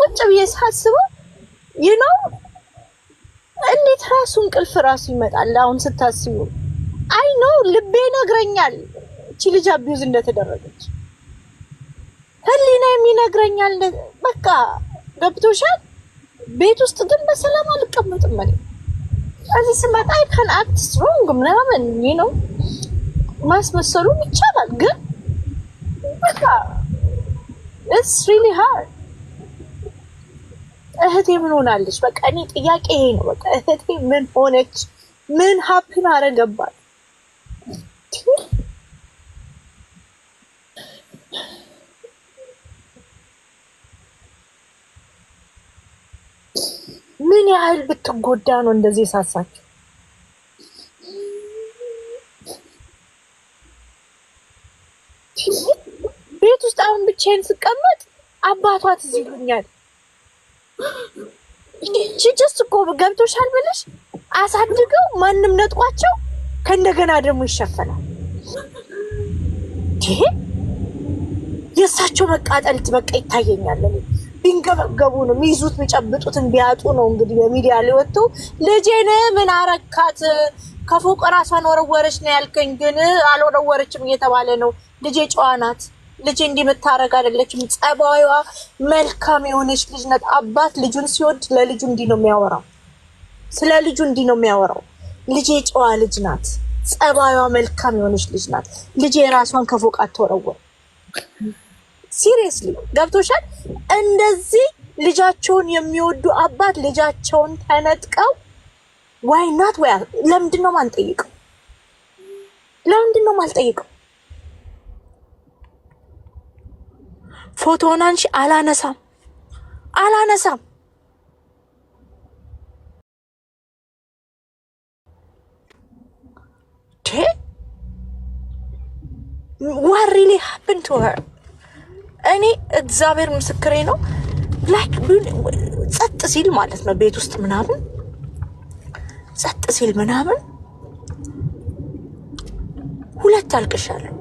ቁጭ ብዬ ሳስበው ይህ ነው እንዴት ራሱ እንቅልፍ ራሱ ይመጣል። አሁን ስታስቡ አይ ነው ልቤ ይነግረኛል እቺ ልጅ አቢውዝ እንደተደረገች ህሊናም ይነግረኛል። በቃ ገብቶሻል። ቤት ውስጥ ግን በሰላም አልቀመጥም ማለት እዚህ ስመጣ አይ ካን አክት ስትሮንግ ምናምን ይህ ነው ማስመሰሉም ይቻላል ግን በቃ ኢትስ ሪሊ ሃርድ እህቴ ምን ሆናለች? በቃ እኔ ጥያቄ ይሄ ነው። በቃ እህቴ ምን ሆነች? ምን ሀፕን አረገባት? ምን ያህል ብትጎዳ ነው እንደዚህ ሳሳችሁ ቤት ውስጥ አሁን ብቻዬን ስቀመጥ አባቷ ትዝ ይሉኛል። ጭጭስ እኮ ገብቶሻል ብለሽ አሳድገው ማንም ነጥቋቸው ከእንደገና ደግሞ ይሸፈናል። ይሄ የእሳቸው መቃጠል በቃ ይታየኛል። ቢንገበገቡንም ይዙት ቢጨብጡትን ቢያጡ ነው እንግዲህ በሚዲያ ሊወጡ ወጥተው ልጄን ምን አረካት ከፎቅ ራሷን ወረወረች ነው ያልከኝ፣ ግን አልወረወረችም እየተባለ ነው። ልጄ ጨዋ ናት። ልጅ እንዲህ የምታረግ አይደለችም። ጸባዩዋ መልካም የሆነች ልጅ ናት። አባት ልጁን ሲወድ ለልጁ እንዲህ ነው የሚያወራው፣ ስለ ልጁ እንዲህ ነው የሚያወራው። ልጅ የጨዋ ልጅ ናት። ጸባዩዋ መልካም የሆነች ልጅ ናት። ልጅ የራሷን ከፎቅ አትወረወር። ሲሪየስሊ ገብቶሻል? እንደዚህ ልጃቸውን የሚወዱ አባት ልጃቸውን ተነጥቀው ዋይናት ወይ ለምንድን ነው ማንጠይቀው? ለምንድን ነው ማልጠይቀው? ፎቶን አንሺ። አላነሳም አላነሳም። ዋት ሪሊ ሀፕን ቱ ሄር እኔ እግዚአብሔር ምስክሬ ነው። ላይክ ጸጥ ሲል ማለት ነው ቤት ውስጥ ምናምን ጸጥ ሲል ምናምን ሁለት አልቅሻለሁ።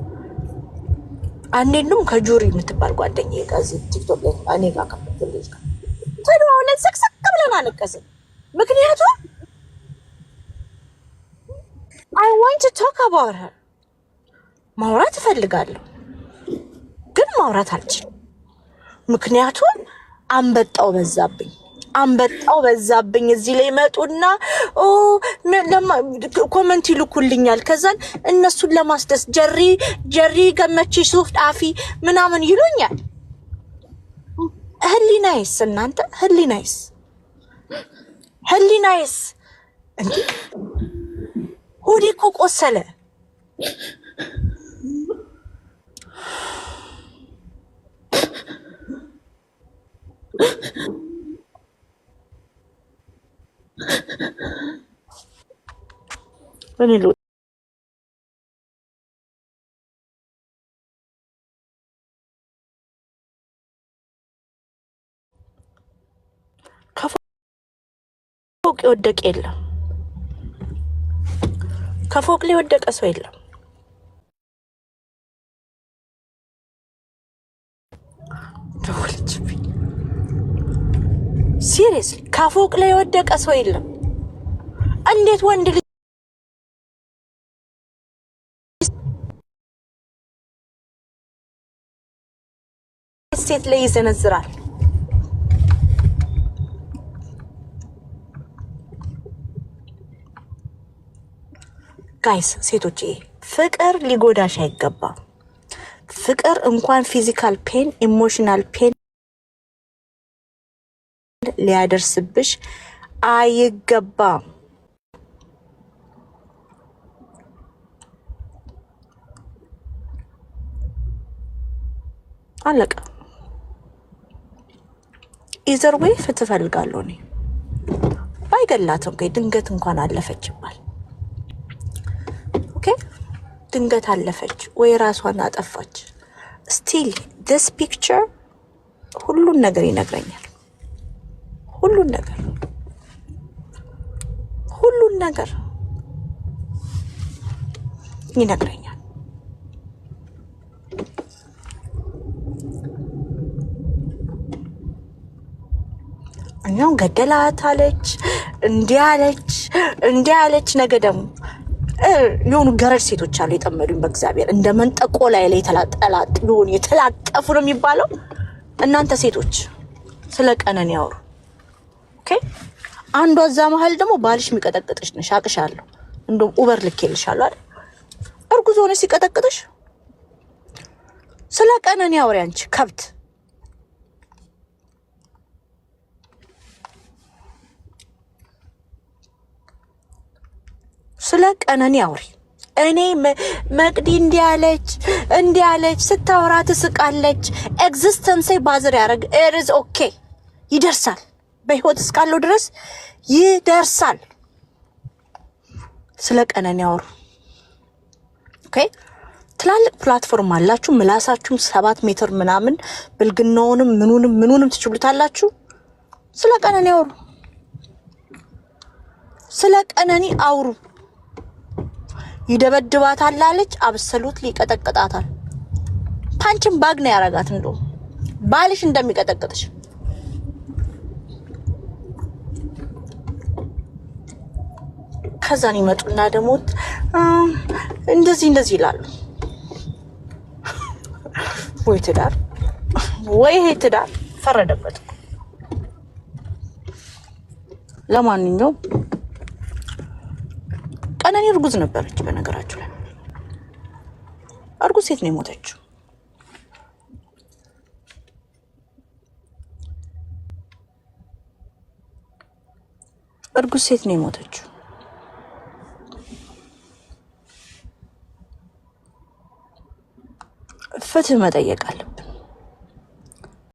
አንዴንም ከጆሪ የምትባል ጓደኛ ጋዚ ቲክቶክ ላይ እኔ ጋር ከምትልጅ ጋር ተደዋውለን ስቅስቅ ብለን አለቀስን። ምክንያቱም አይ ዋንት ቶክ አባውት ሄር ማውራት እፈልጋለሁ፣ ግን ማውራት አልችልም። ምክንያቱም አንበጣው በዛብኝ። አንበጣው በዛብኝ እዚህ ላይ መጡና ኮመንት ይልኩልኛል። ከዛን እነሱን ለማስደስ ጀሪ ጀሪ ገመቺ ሱፍ ጣፊ ምናምን ይሉኛል። ህሊናይስ እናንተ ህሊናይስ ህሊናይስ እንዲ ሆዴ እኮ ቆሰለ። እኔ ከፎቅ የወደቀ የለም። ከፎቅ ላይ የወደቀ ሰው የለም። ደወለችብኝ። ሲሪየስ ከፎቅ ላይ የወደቀ ሰው የለም። እንዴት ወንድ ልጅ ሴት ላይ ይዘነዝራል? ጋይስ ሴቶች ፍቅር ሊጎዳሽ አይገባም። ፍቅር እንኳን ፊዚካል ፔን ኢሞሽናል ፔን ሊያደርስብሽ አይገባም። አለቀ። ኢዘር ወይ ፍትህ እፈልጋለሁ እኔ ባይገላትም፣ ድንገት እንኳን አለፈች ይባል ኦኬ፣ ድንገት አለፈች ወይ ራሷን አጠፋች፣ ስቲል ዲስ ፒክቸር ሁሉን ነገር ይነግረኛል። ሁሉን ነገር ሁሉን ነገር ይነግረኛል። እኛው ገደላት አለች፣ እንዲህ አለች፣ እንዲህ አለች። ነገ ደግሞ የሆኑ ገረድ ሴቶች አሉ የጠመዱኝ በእግዚአብሔር እንደ መንጠቆ ላይ ላይ የተላጠላጥ የሆኑ የተላጠፉ ነው የሚባለው። እናንተ ሴቶች ስለ ቀነን ያወሩ ኦኬ። አንዷ እዛ መሀል ደግሞ ባልሽ የሚቀጠቅጥሽ ነሽ፣ አቅሻለሁ። እንደውም ኡበር ልኬልሻለሁ አይደል? እርጉዝ ሆነሽ ሲቀጠቅጥሽ ስለ ቀነኒ አውሪ አንቺ ከብት። ስለ ቀነኒ አውሪ። እኔ መቅዲ እንዲያለች እንዲያለች ስታወራ ትስቃለች። ኤግዚስተንሴ ባዝር ያደረግ ኤርዝ ኦኬ ይደርሳል በህይወት እስካለው ድረስ ይደርሳል። ስለ ቀነኒ ያወሩ። ኦኬ ትላልቅ ፕላትፎርም አላችሁ። ምላሳችሁም ሰባት ሜትር ምናምን ብልግናውንም ምኑንም ምኑንም ትችሉታላችሁ። ስለ ቀነኒ አውሩ። ስለ ቀነኒ አውሩ። ይደበድባታል አለች። አብሰሉት ሊቀጠቅጣታል። ፓንችን ባግ ነው ያረጋት። እንደውም ባልሽ እንደሚቀጠቅጥሽ ከዛን ይመጡና ደግሞ እንደዚህ እንደዚህ ይላሉ። ወይ ትዳር ወይ ይሄ ትዳር ፈረደበት። ለማንኛውም ቀነኔ እርጉዝ ነበረች። በነገራችሁ ላይ እርጉዝ ሴት ነው የሞተችው። እርጉዝ ሴት ነው የሞተችው። ፍትህ መጠየቅ